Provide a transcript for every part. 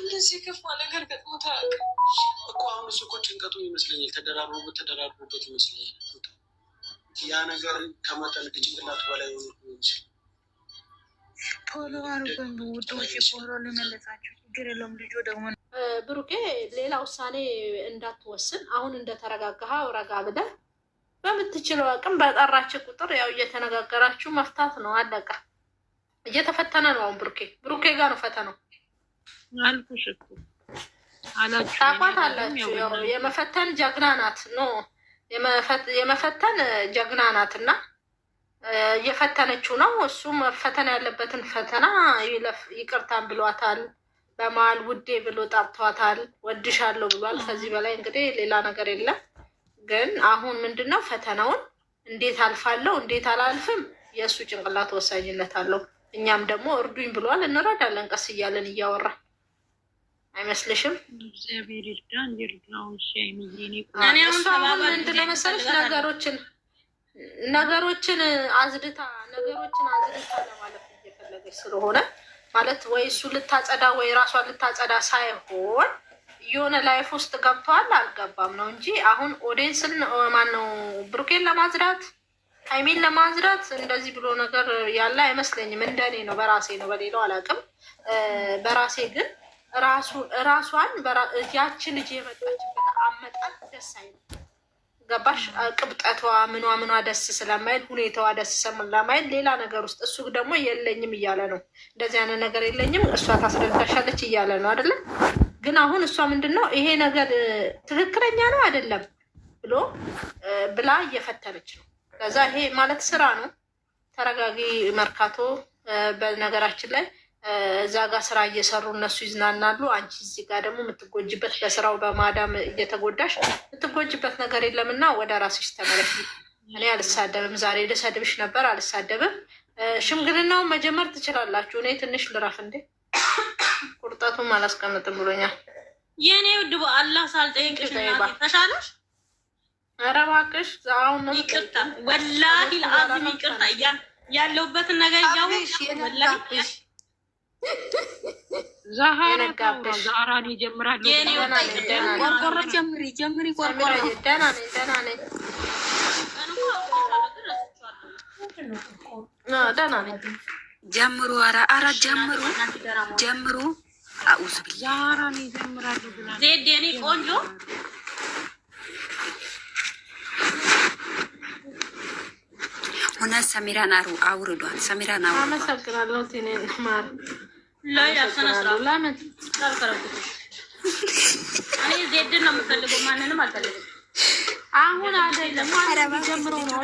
እንደዚህ የከፋ ነገር ገጥሞት አያውቅም እኮ። አሁን እሱ እኮ ይመስለኛል ተደራርቦበት ተደራርቦበት ይመስለኛል ያ ነገር ከመጠን ከጭንቅላቱ በላይ ሆኖ ይመስለኛል። ችግር የለውም ደግሞ ብሩኬ፣ ሌላ ውሳኔ እንዳትወስን አሁን እንደተረጋጋኸው ረጋ በምትችለው አቅም በጠራች ቁጥር ያው እየተነጋገራችሁ መፍታት ነው። አለቃ እየተፈተነ ነው አሁን ብሩኬ ብሩኬ ጋር ነው ፈተነው። አልኩሽ እኮ የመፈተን ጀግና ናት። ኖ የመፈተን ጀግና ናት እና እየፈተነችው ነው። እሱ መፈተን ያለበትን ፈተና ይቅርታን ብሏታል። በመሀል ውዴ ብሎ ወድሽ ወድሻለሁ ብሏል። ከዚህ በላይ እንግዲህ ሌላ ነገር የለም። ግን አሁን ምንድን ነው ፈተናውን እንዴት አልፋለሁ እንዴት አላልፍም፣ የእሱ ጭንቅላት ወሳኝነት አለው። እኛም ደግሞ እርዱኝ ብሏል፣ እንረዳለን። ቀስ እያለን እያወራ አይመስልሽም? ምንድን ነው ነገሮችን ነገሮችን አዝድታ ነገሮችን አዝድታ ለማለት እየፈለገች ስለሆነ ማለት ወይ እሱ ልታጸዳ ወይ ራሷን ልታጸዳ ሳይሆን የሆነ ላይፍ ውስጥ ገብተዋል አልገባም ነው እንጂ አሁን ኦዴንስን ማነው ብሩኬን ለማጽዳት ሀይሚን ለማዝዳት እንደዚህ ብሎ ነገር ያለ አይመስለኝም። እንደኔ ነው፣ በራሴ ነው፣ በሌላው አላውቅም። በራሴ ግን ራሷን ያቺ ልጅ የመጣችበት አመጣት ደስ አይልም። ገባሽ? ቅብጠቷ ምኗ ምኗ ደስ ስለማይል ሁኔታዋ ደስ ስለማይል ሌላ ነገር ውስጥ እሱ ደግሞ የለኝም እያለ ነው። እንደዚህ አይነት ነገር የለኝም እሷ ታስረዳሻለች እያለ ነው አይደለም? ግን አሁን እሷ ምንድን ነው ይሄ ነገር ትክክለኛ ነው አይደለም ብሎ ብላ እየፈተነች ነው ከዛ ይሄ ማለት ስራ ነው። ተረጋጊ መርካቶ። በነገራችን ላይ እዛ ጋር ስራ እየሰሩ እነሱ ይዝናናሉ። አንቺ እዚህ ጋር ደግሞ የምትጎጅበት በስራው በማዳም እየተጎዳሽ የምትጎጅበት ነገር የለምና ወደ ራስሽ ተመለሽ። እኔ አልሳደብም። ዛሬ ልሰድብሽ ነበር አልሳደብም። ሽምግልናውን መጀመር ትችላላችሁ። እኔ ትንሽ ልራፍ እንዴ ቁርጠቱም አላስቀምጥም ብሎኛል። የእኔ ውድ አላህ ሳልጠይቅሽ ተሻለሽ ኧረ እባክሽ አሁን ይቅርታ፣ ወላሂ ለአዝም ይቅርታ፣ ያለሁበትን ነገር ዛሃራ ጀምሩ፣ ጀምሩ፣ ጀምሩ። አውዝ ቆንጆ ሆነ ሰሚራን አውርዷል። ሰሚራን አውርዷል። አመሰግናለሁ። ቴኔን ማር ለምን እኔ ዜድን ነው የምፈልገው፣ ማንንም አልፈልግም። አሁን አይደለም ጀምሮ ነው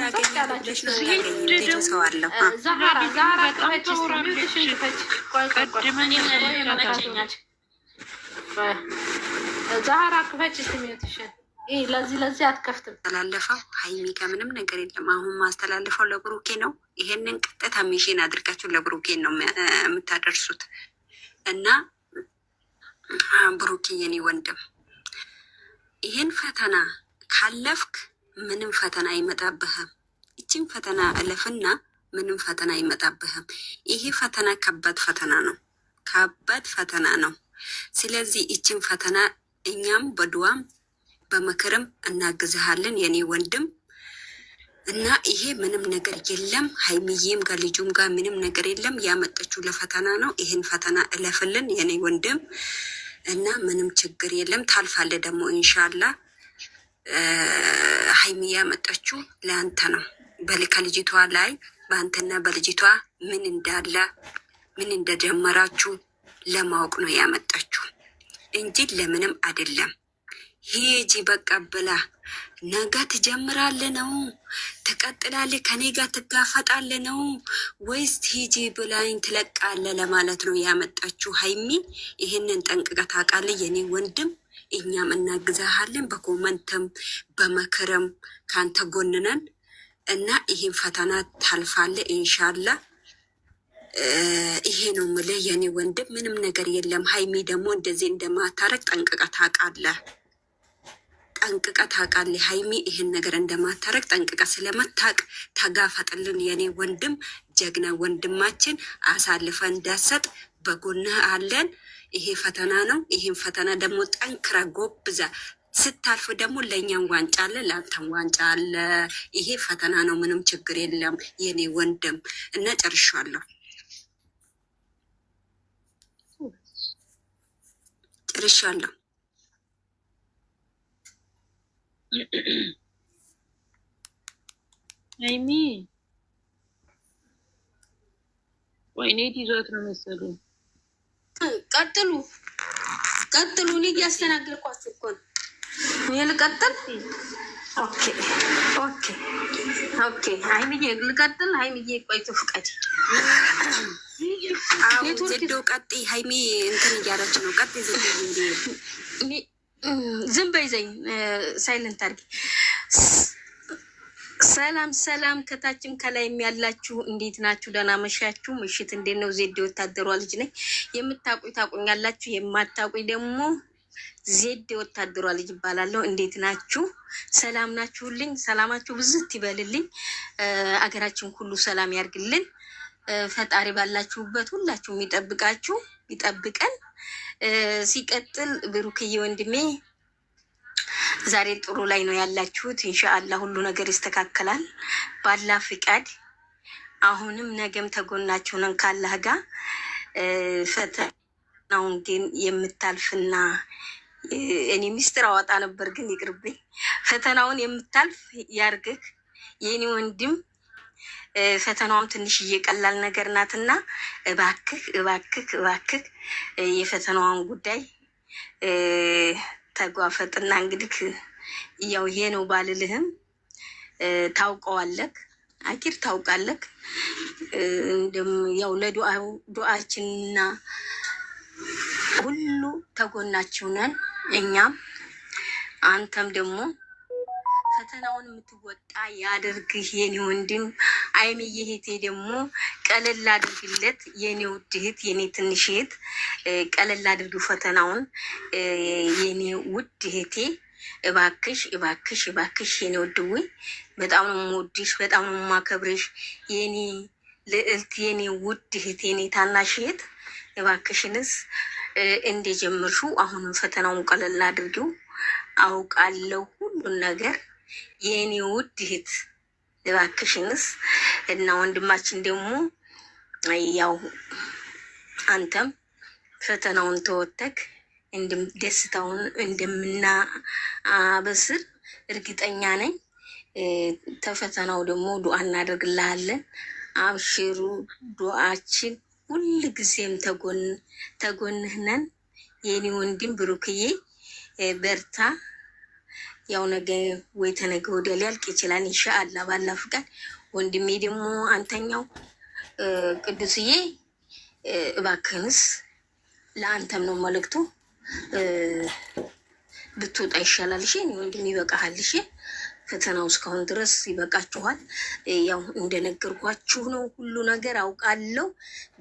ዛራ ቅፈች ስትሜትሽን ለዚህ ለዚህ አትከፍትም። ተላለፈው ሀይሚ ከምንም ነገር የለም። አሁን ማስተላለፈው ለብሩኬ ነው። ይሄንን ቅጥታ ሚሽን አድርጋችሁ ለብሩኬ ነው የምታደርሱት እና ብሩኬ የኔ ወንድም ይህን ፈተና ካለፍክ ምንም ፈተና አይመጣብህም። ይችን ፈተና እለፍና ምንም ፈተና አይመጣብህም። ይሄ ፈተና ከባድ ፈተና ነው፣ ከባድ ፈተና ነው። ስለዚህ ይችን ፈተና እኛም በድዋም በምክርም እናግዝሃለን የኔ ወንድም እና ይሄ ምንም ነገር የለም። ሀይሚዬም ጋር ልጁም ጋር ምንም ነገር የለም። ያመጠችው ለፈተና ነው። ይህን ፈተና እለፍልን የኔ ወንድም እና ምንም ችግር የለም። ታልፋለ ደግሞ እንሻላ። ሀይሚ ያመጠችው ለአንተ ነው። ከልጅቷ ላይ በአንተና በልጅቷ ምን እንዳለ ምን እንደጀመራችሁ ለማወቅ ነው ያመጣችሁ እንጂ ለምንም አይደለም። ሂጂ በቃ ብላ ነገ ትጀምራለ ነው ትቀጥላለ፣ ከኔ ጋር ትጋፈጣለ ነው ወይስ ሂጂ ብላኝ ትለቃለ ለማለት ነው ያመጣችሁ ሀይሚ። ይህንን ጠንቅቀ ታውቃለ የኔ ወንድም። እኛም እናግዛሃለን በኮመንትም በመክርም ከአንተ ጎንነን እና ይህን ፈተና ታልፋለ ኢንሻላ። ይሄ ነው ምልህ የኔ ወንድም፣ ምንም ነገር የለም። ሀይሚ ደግሞ እንደዚህ እንደማታረግ ጠንቅቀ ታውቃለ። ጠንቅቀ ታውቃለህ ሀይሚ ይህን ነገር እንደማታረግ ጠንቅቀ ስለመታቅ ተጋፈጥልን የኔ ወንድም ጀግና ወንድማችን አሳልፈ እንዳሰጥ በጎንህ አለን። ይሄ ፈተና ነው። ይህን ፈተና ደግሞ ጠንክረ ጎብዛ ስታልፍ ደግሞ ለእኛም ዋንጫ አለ፣ ለአንተም ዋንጫ አለ። ይሄ ፈተና ነው። ምንም ችግር የለም የኔ ወንድም እና ጨርሻለሁ፣ ጨርሻለሁ። አይሚ ወይኔ ይዟት ነው መሰሉ ቀጥሉ ቀጥሉ፣ እኔ እያስተናገድኳችሁ እኮ ነው። እኔ ልቀጥል። ኦኬ ኦኬ ኦኬ። አይሚዬ ልቀጥል። አይሚዬ ቆይቶ ፍቃድ ዜዶ ቀጤ ሀይሚ እንትን እያለች ነው። ቀጤ ዜዶ ዝም በይዘኝ ሳይለንት አድርጊ። ሰላም ሰላም፣ ከታችም ከላይም ያላችሁ እንዴት ናችሁ? ደህና መሻችሁ? ምሽት እንዴት ነው? ዜድ ወታደሯ ልጅ ነኝ። የምታውቁኝ ታውቁኛላችሁ፣ የማታውቁኝ ደግሞ ዜድ ወታደሯ ልጅ ይባላለሁ። እንዴት ናችሁ? ሰላም ናችሁልኝ? ሰላማችሁ ብዝት ይበልልኝ። አገራችን ሁሉ ሰላም ያርግልን። ፈጣሪ ባላችሁበት ሁላችሁም ይጠብቃችሁ፣ ይጠብቀን። ሲቀጥል ብሩክዬ ወንድሜ ዛሬ ጥሩ ላይ ነው ያላችሁት። እንሻአላ ሁሉ ነገር ይስተካከላል ባላ ፍቃድ። አሁንም ነገም ተጎናችሁ ነን ካላህ ጋር ፈተናውን ግን የምታልፍና እኔ ሚስጥር አዋጣ ነበር ግን ይቅርብኝ። ፈተናውን የምታልፍ ያርግህ የኔ ወንድም ፈተናውም ትንሽ እየቀላል ነገር ናትና እባክህ እባክህ እባክህ የፈተናዋን ጉዳይ ተጓፈጥና እንግዲህ ያው ይሄ ነው ባልልህም ታውቀዋለክ አኪር ታውቃለክ። ያው ለዱዓችንና ሁሉ ተጎናችሁነን እኛም አንተም ደግሞ ፈተናውን የምትወጣ ያድርግህ የኔ ወንድም። አይምዬ እህቴ ደግሞ ቀለል አድርግለት የኔ ውድ እህት፣ የኔ ትንሽ እህት፣ ቀለል አድርጊ ፈተናውን የኔ ውድ እህቴ። እባክሽ እባክሽ እባክሽ የኔ ውድዊ፣ በጣም ነው የምወድሽ፣ በጣም ነው የማከብርሽ የኔ ልዕልት፣ የኔ ውድ እህት፣ የኔ ታናሽ እህት። እባክሽንስ እንደጀመርሽው አሁንም ፈተናውን ቀለል አድርጊው። አውቃለሁ ሁሉን ነገር የኔ ውድ እህት እባክሽንስ እና ወንድማችን ደግሞ ያው አንተም ፈተናውን ተወተክ ደስታውን እንደምናበስር እርግጠኛ ነኝ። ተፈተናው ደግሞ ዱዓ እናደርግልሃለን። አብሽሩ፣ ዱዓችን ሁል ጊዜም ተጎንህነን የኔ ወንድም ብሩክዬ በርታ። ያው ነገ ወይ ተነገ ወደ ሊያልቅ ይችላል። እንሻአላ ባላ ፍቃድ። ወንድሜ ደግሞ አንተኛው ቅዱስዬ፣ እባክንስ ለአንተም ነው መልእክቱ፣ ብትወጣ ይሻላል። ሽ ወንድሜ ይበቃሃል። ሽ ፈተናው እስካሁን ድረስ ይበቃችኋል። ያው እንደነገርኳችሁ ነው፣ ሁሉ ነገር አውቃለሁ።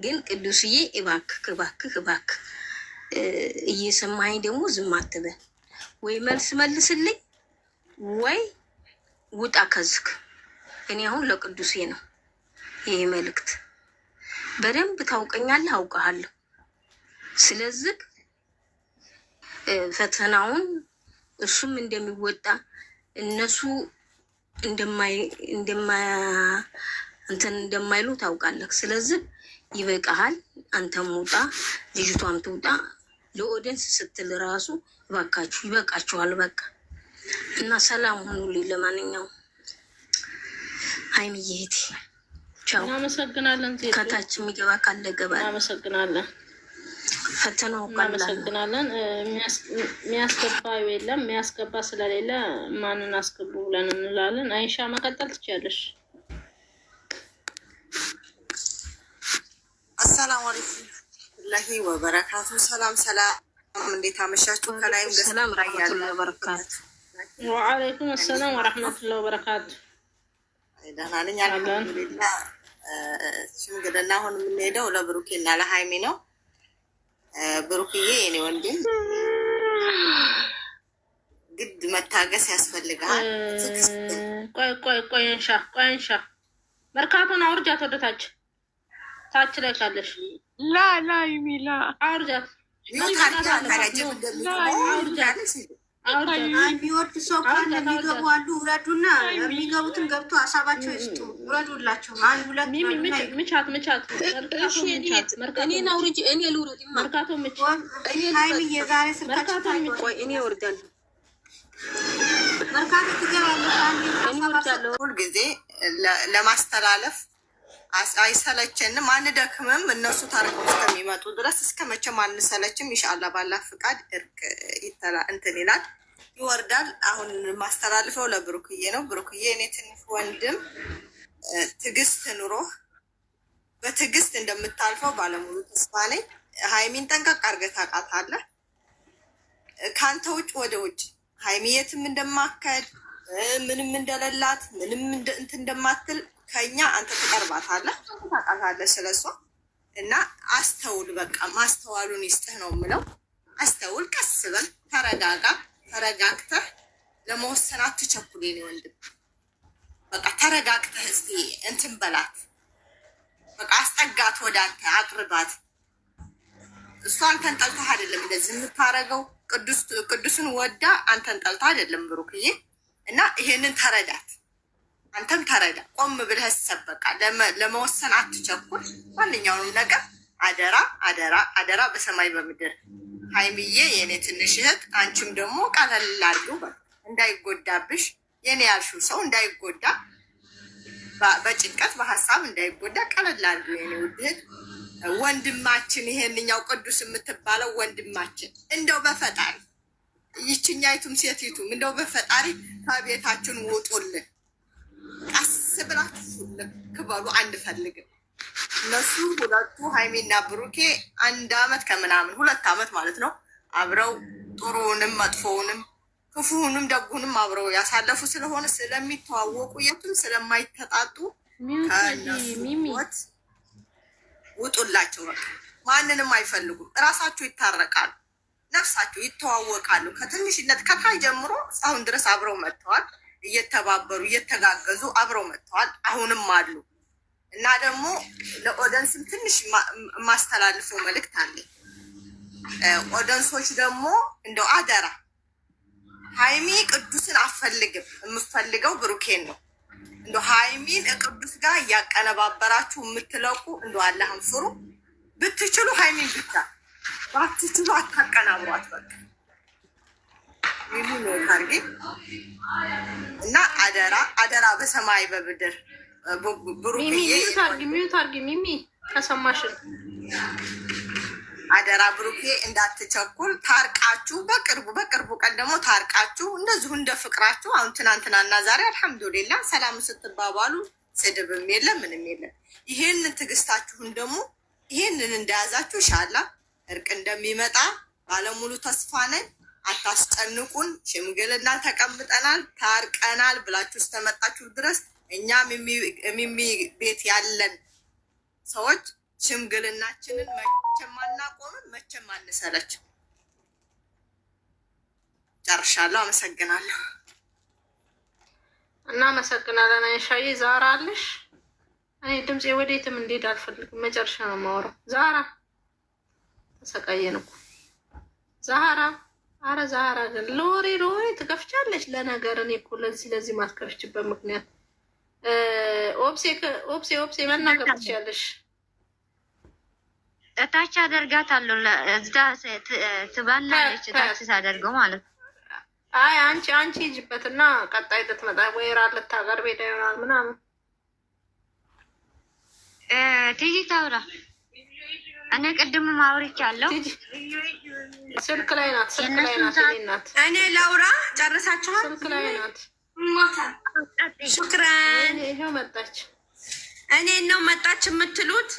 ግን ቅዱስዬ እባክህ እባክህ እባክህ እየሰማኸኝ ደግሞ ዝም አትበል፣ ወይ መልስ መልስልኝ ወይ ውጣ ከዝክ። እኔ አሁን ለቅዱሴ ነው ይህ መልእክት። በደንብ ታውቀኛለህ፣ አውቀሃለሁ። ስለዚህ ፈተናውን እሱም እንደሚወጣ እነሱ እንትን እንደማይሉ ታውቃለህ። ስለዚህ ይበቃሃል፣ አንተም ውጣ፣ ልጅቷም ትውጣ። ለኦደንስ ስትል ራሱ እባካችሁ ይበቃችኋል፣ በቃ እና ሰላም ሁኑልኝ። ለማንኛውም ሀይሚዬ እህቴ ቻው። እናመሰግናለን። ከታች የሚገባ ካለ ገባ። እናመሰግናለን። ፈተናው እናመሰግናለን። የሚያስገባ የለም የሚያስገባ ስለሌለ ማንን አስገቡ ብለን እንላለን። አይሻ መቀጠል ትችያለሽ። አሰላሙ አለይኩም ወረህመቱላሂ ወበረካቱ። ሰላም ሰላም፣ እንዴት አመሻችሁ? ከላይም ገሰላም ራያለ በረካቱ ወአለይኩም አሰላም ወረህመቱላህ ወበረካቱ። ደህና ነኝ አልሐምዱሊላህ። ሽምግልና አሁን የምንሄደው ለብሩኬና ለሀይሚ ነው። ብሩክዬ የኔ ወንድም ግድ መታገስ ያስፈልግሃል። ቆይ ቆይ ቆይ እንሻ ቆይ እንሻ መርካቶን አውርጃት ወደ ታች ታች ላይ ካለሽ ላ ላ ይሚላ አውርጃት የሚወድ ሰው ካለ የሚገቡ አሉ። ውረዱና የሚገቡትን ገብቶ ሀሳባቸው ይስጡ። ውረዱላቸው። አንድ ሁለት ምቻት ምቻት እኔን አውርጅ። እኔ ልውረድ። መርካቶ የዛሬ ቆይ እኔ እወርዳለሁ። መርካቶ ትገባለች። ሁልጊዜ ለማስተላለፍ አይሰለችንም፣ አንደክምም። እነሱ ታርቆ እስከሚመጡ ድረስ እስከ መቼም አንሰለችም። ኢንሻአላ ባላ ፍቃድ እርቅ እንትን ይላል ይወርዳል። አሁን ማስተላልፈው ለብሩክዬ ነው። ብሩክዬ እኔ ትንሽ ወንድም ትዕግስት ኑሮ በትዕግስት እንደምታልፈው ባለሙሉ ተስፋ ነኝ። ሀይሚን ጠንቀቅ አድርገህ ታውቃታለህ። ከአንተ ውጭ ወደ ውጭ ሀይሚ የትም እንደማከድ ምንም እንደሌላት ምንም እንትን እንደማትል ከኛ አንተ ትቀርባታለህ፣ ታውቃታለህ ስለሷ እና አስተውል። በቃ ማስተዋሉን ይስጥህ ነው የምለው። አስተውል፣ ቀስ በል፣ ተረጋጋ። ተረጋግተህ ለመወሰን አትቸኩል የኔ ወንድም። በቃ ተረጋግተህ እስኪ እንትን በላት። በቃ አስጠጋት፣ ወደ አንተ አቅርባት። እሷን አንተን ጠልታህ አይደለም እንደዚህ የምታረገው። ቅዱስን ወዳ አንተን ጠልታ አይደለም ብሩክዬ። እና ይሄንን ተረዳት። አንተም ተረዳ። ቆም ብለህ ሰበቃ ለመወሰን አትቸኩል። ማንኛውንም ነገር አደራ አደራ አደራ፣ በሰማይ በምድር ሀይሚዬ፣ የእኔ ትንሽ እህት፣ አንቺም ደግሞ ቀለላሉ እንዳይጎዳብሽ፣ የኔ ያልሽው ሰው እንዳይጎዳ፣ በጭንቀት በሀሳብ እንዳይጎዳ፣ ቀለላሉ የኔ ውድ እህት። ወንድማችን ይሄንኛው ቅዱስ የምትባለው ወንድማችን እንደው በፈጣሪ ይችኛይቱም ሴቲቱም እንደው በፈጣሪ ከቤታችን ውጡልን። ደስ ብላችሁ ክበሉ አንፈልግም። እነሱ ሁለቱ ሀይሜና ብሩኬ አንድ አመት ከምናምን ሁለት አመት ማለት ነው አብረው ጥሩውንም መጥፎውንም ክፉውንም ደጉንም አብረው ያሳለፉ ስለሆነ ስለሚተዋወቁ የቱም ስለማይተጣጡ ከነሱት ውጡላቸው። በቃ ማንንም አይፈልጉም። እራሳቸው ይታረቃሉ፣ ነፍሳቸው ይተዋወቃሉ። ከትንሽነት ከካይ ጀምሮ እስካሁን ድረስ አብረው መጥተዋል። እየተባበሩ እየተጋገዙ አብረው መጥተዋል። አሁንም አሉ እና ደግሞ ለኦደንስም ትንሽ የማስተላልፈው መልእክት አለ። ኦደንሶች ደግሞ እንደው አደራ ሀይሚ ቅዱስን አፈልግም፣ የምፈልገው ብሩኬን ነው። እንደ ሀይሚን ቅዱስ ጋር እያቀነባበራችሁ የምትለቁ እንደ አላህን ፍሩ። ብትችሉ ሀይሚን ብቻ፣ ባትችሉ አታቀናብሯት በቃ። ሪሙኖት አድርጌ እና አደራ አደራ በሰማይ በምድር ከሰማሽን አደራ ብሩኬ እንዳትቸኩል ታርቃችሁ በቅርቡ በቅርቡ ቀን ደግሞ ታርቃችሁ እንደዚሁ እንደ ፍቅራችሁ አሁን ትናንትናና ዛሬ አልሐምዱሊላ ሰላም ስትባባሉ ስድብም የለም ምንም የለም። ይሄንን ትዕግስታችሁን ደግሞ ይሄንን እንደያዛችሁ ሻላ እርቅ እንደሚመጣ ባለሙሉ ተስፋ ነኝ። አታስጨንቁን። ሽምግልና ተቀምጠናል ታርቀናል ብላችሁ እስከመጣችሁ ድረስ እኛም የሚሚ ቤት ያለን ሰዎች ሽምግልናችንን መቼም አናቆምም፣ መቼም አንሰለች። ጨርሻለሁ። አመሰግናለሁ። እናመሰግናለን። አይሻዬ ዛራ አለሽ? እኔ ድምፄ ወዴትም እንዴት አልፈልግም። መጨረሻ ነው የማወራው። ዛራ ተሰቃየን እኮ ዛራ አረ ዛራ ግን ለወሬ ለወሬ ትከፍቻለች። ለነገር እኔ እኮ ለዚህ ለዚህ ማትከፍችበት ምክንያት ኦብሴ ኦብሴ መናገር ትችያለሽ። እታች አደርጋታለሁ እዛ ትባላለች። እታች ሳደርገው ማለት አይ አንቺ አንቺ ሂጂበትና ቀጣይ ልትመጣ ወይ ራ ልታቀርብ ሄዳ ይሆናል ምናምን ትይጂ ታውራ እኔ ቅድምም አውርቻለሁ። ስልክ ላይ ናት፣ ስልክ ላይ ናት፣ ናት። እኔ ላውራ ጨርሳችኋል? ስልክ ላይ ናት። ሹክራን ይኸው መጣች። እኔ ነው መጣች የምትሉት?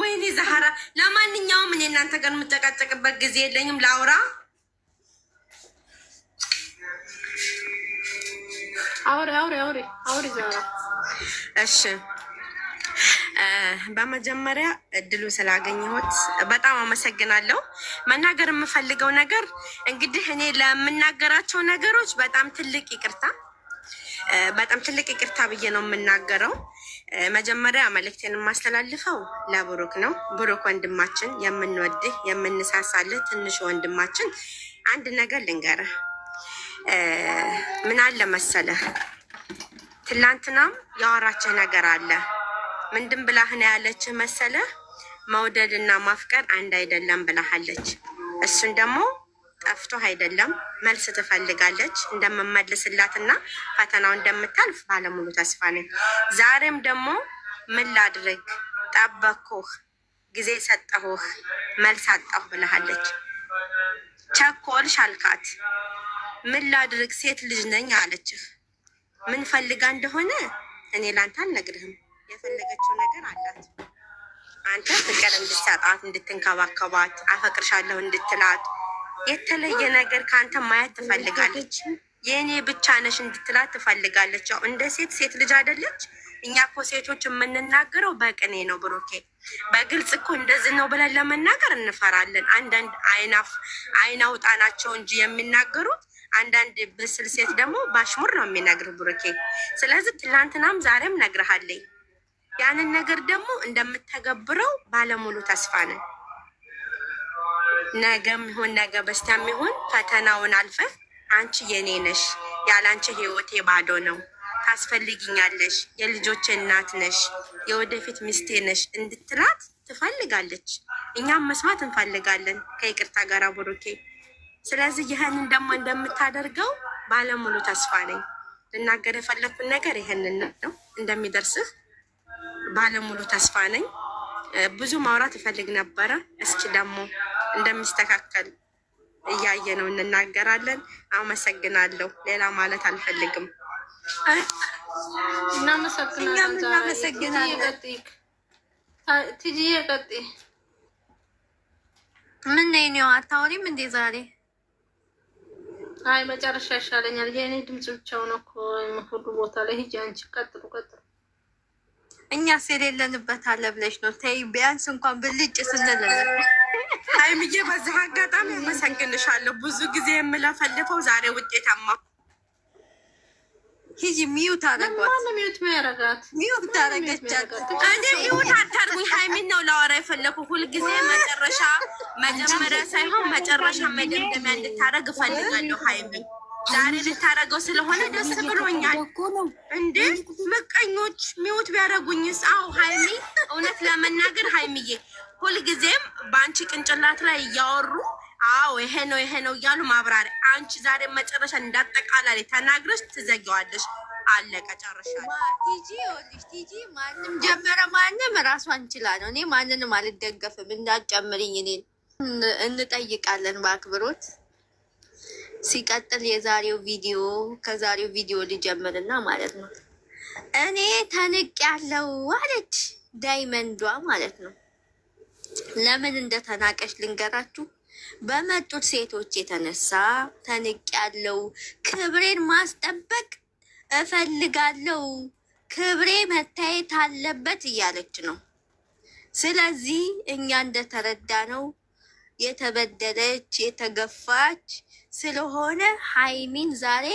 ወይኔ ዛህራ፣ ለማንኛውም እኔ እናንተ ጋር የምጨቃጨቅበት ጊዜ የለኝም። ላውራ አውሪ፣ አውሪ፣ አውሪ፣ አውሪ ዛህራ እሺ በመጀመሪያ እድሉ ስላገኘሁት በጣም አመሰግናለሁ። መናገር የምፈልገው ነገር እንግዲህ እኔ ለምናገራቸው ነገሮች በጣም ትልቅ ይቅርታ በጣም ትልቅ ይቅርታ ብዬ ነው የምናገረው። መጀመሪያ መልእክቴን የማስተላልፈው ለብሩክ ነው። ብሩክ ወንድማችን፣ የምንወድህ የምንሳሳልህ ትንሽ ወንድማችን፣ አንድ ነገር ልንገርህ። ምን አለ መሰለህ፣ ትላንትናም ያወራችህ ነገር አለ ምንድን ብላህ ነው ያለች መሰለህ? እና ማፍቀር አንድ አይደለም ብላሃለች። እሱን ደግሞ ጠፍቶህ አይደለም መልስ ትፈልጋለች እንደምመልስላትና ፈተናው እንደምታልፍ ባለሙሉ ተስፋ ነኝ። ዛሬም ደግሞ ምን ላድርግ ጠበቅኩህ፣ ጊዜ ሰጠሁህ፣ መልስ አጣሁ ብላሃለች። ቸኮልሽ አልካት። ምን ላድርግ ሴት ልጅ ነኝ አለችህ። ምን ፈልጋ እንደሆነ እኔ ላንተ አልነግርህም። የፈለገችው ነገር አላት። አንተ ፍቅር እንድትሰጣት እንድትንከባከባት፣ አፈቅርሻለሁ እንድትላት የተለየ ነገር ከአንተ ማየት ትፈልጋለች። የእኔ ብቻ ነሽ እንድትላት ትፈልጋለች። ያው እንደ ሴት ሴት ልጅ አይደለች። እኛ እኮ ሴቶች የምንናገረው በቅኔ ነው ብሩኬ። በግልጽ እኮ እንደዚህ ነው ብለን ለመናገር እንፈራለን። አንዳንድ አይናፍ አይናውጣ ናቸው እንጂ የሚናገሩት አንዳንድ ብስል ሴት ደግሞ ባሽሙር ነው የሚነግር ብሩኬ። ስለዚህ ትላንትናም ዛሬም ነግረሃለኝ ያንን ነገር ደግሞ እንደምተገብረው ባለሙሉ ተስፋ ነን። ነገም ይሁን ነገ በስቲያም ይሁን ፈተናውን አልፈህ አንቺ የኔ ነሽ፣ ያላንቺ ህይወቴ ባዶ ነው፣ ታስፈልግኛለሽ የልጆች እናት ነሽ፣ የወደፊት ሚስቴ ነሽ እንድትላት ትፈልጋለች። እኛም መስማት እንፈልጋለን ከይቅርታ ጋር ብሩኬ። ስለዚህ ይህንን ደግሞ እንደምታደርገው ባለሙሉ ተስፋ ነኝ። ልናገር የፈለግኩን ነገር ይህንን ነው። እንደሚደርስህ ባለሙሉ ተስፋ ነኝ። ብዙ ማውራት እፈልግ ነበረ። እስኪ ደግሞ እንደሚስተካከል እያየ ነው እንናገራለን። አመሰግናለሁ። ሌላ ማለት አልፈልግም። ትጅዬ ቀጥይ። ምን ነው አታወሪም እንዴ ዛሬ? አይ መጨረሻ ይሻለኛል። የእኔ ድምጽ ብቻውን እኮ ሁሉ ቦታ ላይ ሂጂ አንቺ። ቀጥሉ ቀጥሉ እኛስ የሌለንበት አለ ብለሽ ነው? ተይ ቢያንስ እንኳን ብልጭ ስንል ሀይምዬ፣ በዚህ አጋጣሚ አመሰግንሻለሁ። ብዙ ጊዜ የምለፈልፈው ዛሬ ውጤታማ ሂጂ ሚዩት አደረጓት። ሚዩት ያረጋት ሚዩት ታረገቻት። እኔ ሚዩት አታርጉኝ። ሀይሚን ነው ላወራ የፈለኩ ሁልጊዜ መጨረሻ መጀመሪያ ሳይሆን መጨረሻ መደምደሚያ እንድታደረግ እፈልጋለሁ ሀይሚን ዛሬ ልታደርገው ስለሆነ ደስ ብሎኛል። እንደ ምቀኞች ሚውት ቢያደርጉኝስ? አዎ ሀይሚ፣ እውነት ለመናገር ሀይሚዬ ሁልጊዜም በአንቺ ቅንጭላት ላይ እያወሩ አዎ ይሄ ነው ይሄ ነው እያሉ ማብራሪያ፣ አንቺ ዛሬ መጨረሻ እንዳጠቃላይ ተናግረሽ ትዘጊዋለሽ። አለቀ ጨርሻለሁ። ቲጂ ይኸውልሽ፣ ቲጂ ማንም ጀመረ ማንም እራሷን እንችላ ነው። እኔ ማንንም አልደገፍም። እንዳጨምርኝ እኔን እንጠይቃለን በአክብሮት ሲቀጥል የዛሬው ቪዲዮ ከዛሬው ቪዲዮ ልጀምርና ማለት ነው እኔ ተንቅ ያለው አለች ዳይመንዷ ማለት ነው። ለምን እንደተናቀች ልንገራችሁ። በመጡት ሴቶች የተነሳ ተንቅ ያለው ክብሬን ማስጠበቅ እፈልጋለው፣ ክብሬ መታየት አለበት እያለች ነው። ስለዚህ እኛ እንደተረዳ ነው የተበደለች የተገፋች ስለሆነ ሀይሚን ዛሬ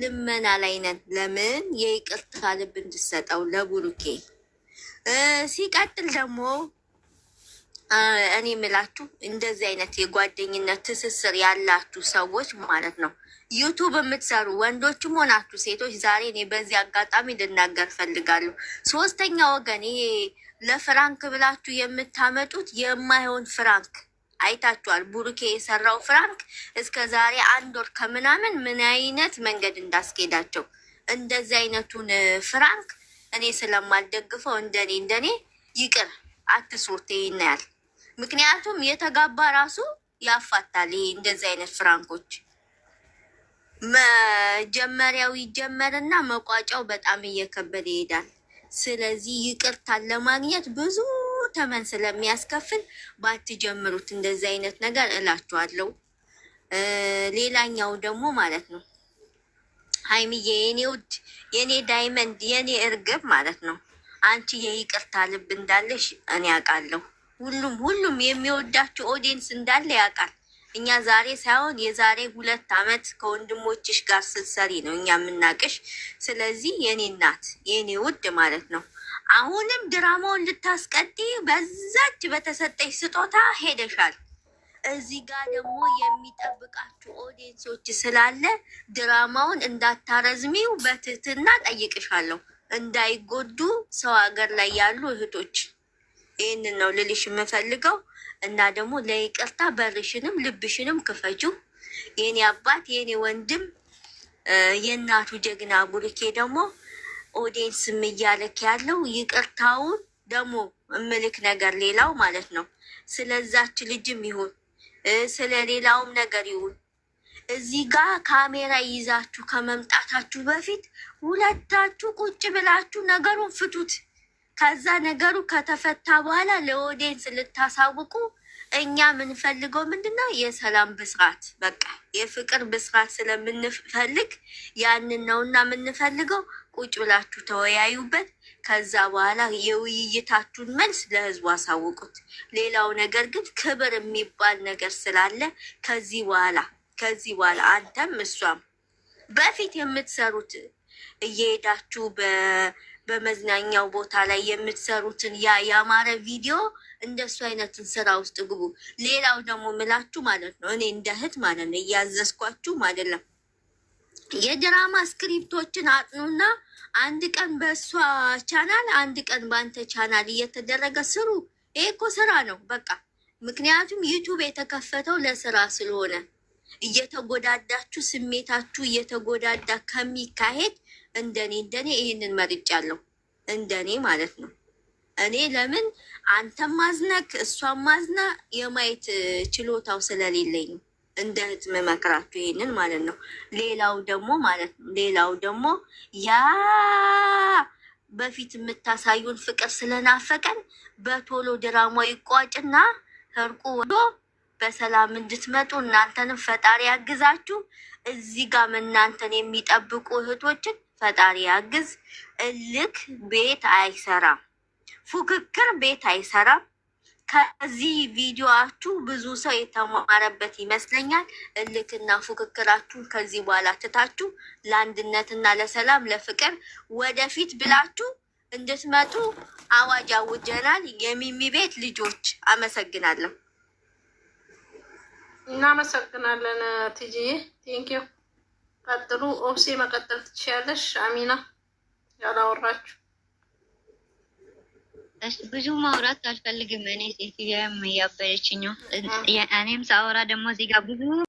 ልመና ላይ ነን። ለምን የይቅርታ ልብ እንድሰጠው ለቡሩኬ። ሲቀጥል ደግሞ እኔ ምላችሁ እንደዚህ አይነት የጓደኝነት ትስስር ያላችሁ ሰዎች ማለት ነው፣ ዩቱብ የምትሰሩ ወንዶችም ሆናችሁ ሴቶች፣ ዛሬ እኔ በዚህ አጋጣሚ ልናገር ፈልጋለሁ። ሶስተኛ ወገን ይሄ ለፍራንክ ብላችሁ የምታመጡት የማይሆን ፍራንክ አይታችኋል። ቡሩኬ የሰራው ፍራንክ እስከ ዛሬ አንድ ወር ከምናምን ምን አይነት መንገድ እንዳስኬዳቸው እንደዚህ አይነቱን ፍራንክ እኔ ስለማልደግፈው እንደኔ እንደኔ ይቅር አትስሩት ይናያል። ምክንያቱም የተጋባ ራሱ ያፋታል። ይሄ እንደዚህ አይነት ፍራንኮች መጀመሪያው ይጀመርና መቋጫው በጣም እየከበደ ይሄዳል። ስለዚህ ይቅርታን ለማግኘት ብዙ ተመን ስለሚያስከፍል ባትጀምሩት እንደዚህ አይነት ነገር እላችኋለሁ። ሌላኛው ደግሞ ማለት ነው ሀይሚዬ የኔ ውድ የኔ ዳይመንድ የኔ እርግብ ማለት ነው አንቺ የይቅርታ ልብ እንዳለሽ እኔ ያውቃለሁ። ሁሉም ሁሉም የሚወዳቸው ኦዲየንስ እንዳለ ያውቃል። እኛ ዛሬ ሳይሆን የዛሬ ሁለት ዓመት ከወንድሞችሽ ጋር ስትሰሪ ነው እኛ የምናቅሽ። ስለዚህ የኔ እናት የኔ ውድ ማለት ነው አሁንም ድራማውን ልታስቀጢ በዛች በተሰጠች ስጦታ ሄደሻል። እዚህ ጋር ደግሞ የሚጠብቃችሁ ኦዲየንሶች ስላለ ድራማውን እንዳታረዝሚው በትህትና ጠይቅሻለሁ። እንዳይጎዱ ሰው ሀገር ላይ ያሉ እህቶች ይህንን ነው ልልሽ የምፈልገው። እና ደግሞ ለይቅርታ በርሽንም ልብሽንም ክፈችው። የኔ አባት የኔ ወንድም የእናቱ ጀግና ቡርኬ ደግሞ ኦዲየንስም እያለክ ያለው ይቅርታውን ደግሞ እምልክ ነገር ሌላው ማለት ነው። ስለዛች ልጅም ይሁን ስለሌላውም ነገር ይሁን እዚህ ጋር ካሜራ ይዛችሁ ከመምጣታችሁ በፊት ሁለታችሁ ቁጭ ብላችሁ ነገሩን ፍቱት። ከዛ ነገሩ ከተፈታ በኋላ ለኦዲየንስ ልታሳውቁ እኛ የምንፈልገው ምንድነው? የሰላም ብስራት በቃ የፍቅር ብስራት ስለምንፈልግ ያንን ነውና የምንፈልገው። ቁጭ ብላችሁ ተወያዩበት። ከዛ በኋላ የውይይታችሁን መልስ ለህዝቡ አሳውቁት። ሌላው ነገር ግን ክብር የሚባል ነገር ስላለ ከዚህ በኋላ ከዚህ በኋላ አንተም እሷም በፊት የምትሰሩት እየሄዳችሁ በመዝናኛው ቦታ ላይ የምትሰሩትን ያ ያማረ ቪዲዮ እንደሱ አይነትን ስራ ውስጥ ግቡ። ሌላው ደግሞ ምላችሁ ማለት ነው እኔ እንደ እህት ማለት ነው እያዘዝኳችሁ አይደለም የድራማ ስክሪፕቶችን አጥኑና አንድ ቀን በእሷ ቻናል፣ አንድ ቀን በአንተ ቻናል እየተደረገ ስሩ። ይሄ እኮ ስራ ነው በቃ። ምክንያቱም ዩቱብ የተከፈተው ለስራ ስለሆነ እየተጎዳዳችሁ ስሜታችሁ እየተጎዳዳ ከሚካሄድ እንደኔ እንደኔ ይህንን መርጫለሁ። እንደኔ ማለት ነው። እኔ ለምን አንተም ማዝነክ እሷም ማዝና የማየት ችሎታው ስለሌለኝ እንደ ህዝብ መክራችሁ ይሄንን ማለት ነው። ሌላው ደግሞ ማለት ሌላው ደግሞ ያ በፊት የምታሳዩን ፍቅር ስለናፈቀን በቶሎ ድራማ ይቋጭና እርቁ ወዶ በሰላም እንድትመጡ እናንተንም ፈጣሪ ያግዛችሁ። እዚህ ጋም እናንተን የሚጠብቁ እህቶችን ፈጣሪ ያግዝ። እልክ ቤት አይሰራም፣ ፉክክር ቤት አይሰራም። ከዚህ ቪዲዮአችሁ ብዙ ሰው የተማረበት ይመስለኛል። እልክና ፉክክራችሁ ከዚህ በኋላ ትታችሁ ለአንድነትና ለሰላም ለፍቅር ወደፊት ብላችሁ እንድትመጡ አዋጅ አውጀናል። የሚሚ ቤት ልጆች አመሰግናለሁ። እናመሰግናለን ትጂዬ፣ ቴንኪው። ቀጥሉ። ኦብሴ መቀጠል ትችያለሽ። አሚና ያላወራችሁ ብዙ ማውራት አልፈልግም። እኔ ሴትዬም እያበለችኝ ነው። እኔም ሳወራ ደግሞ እዚህ ጋር ብዙ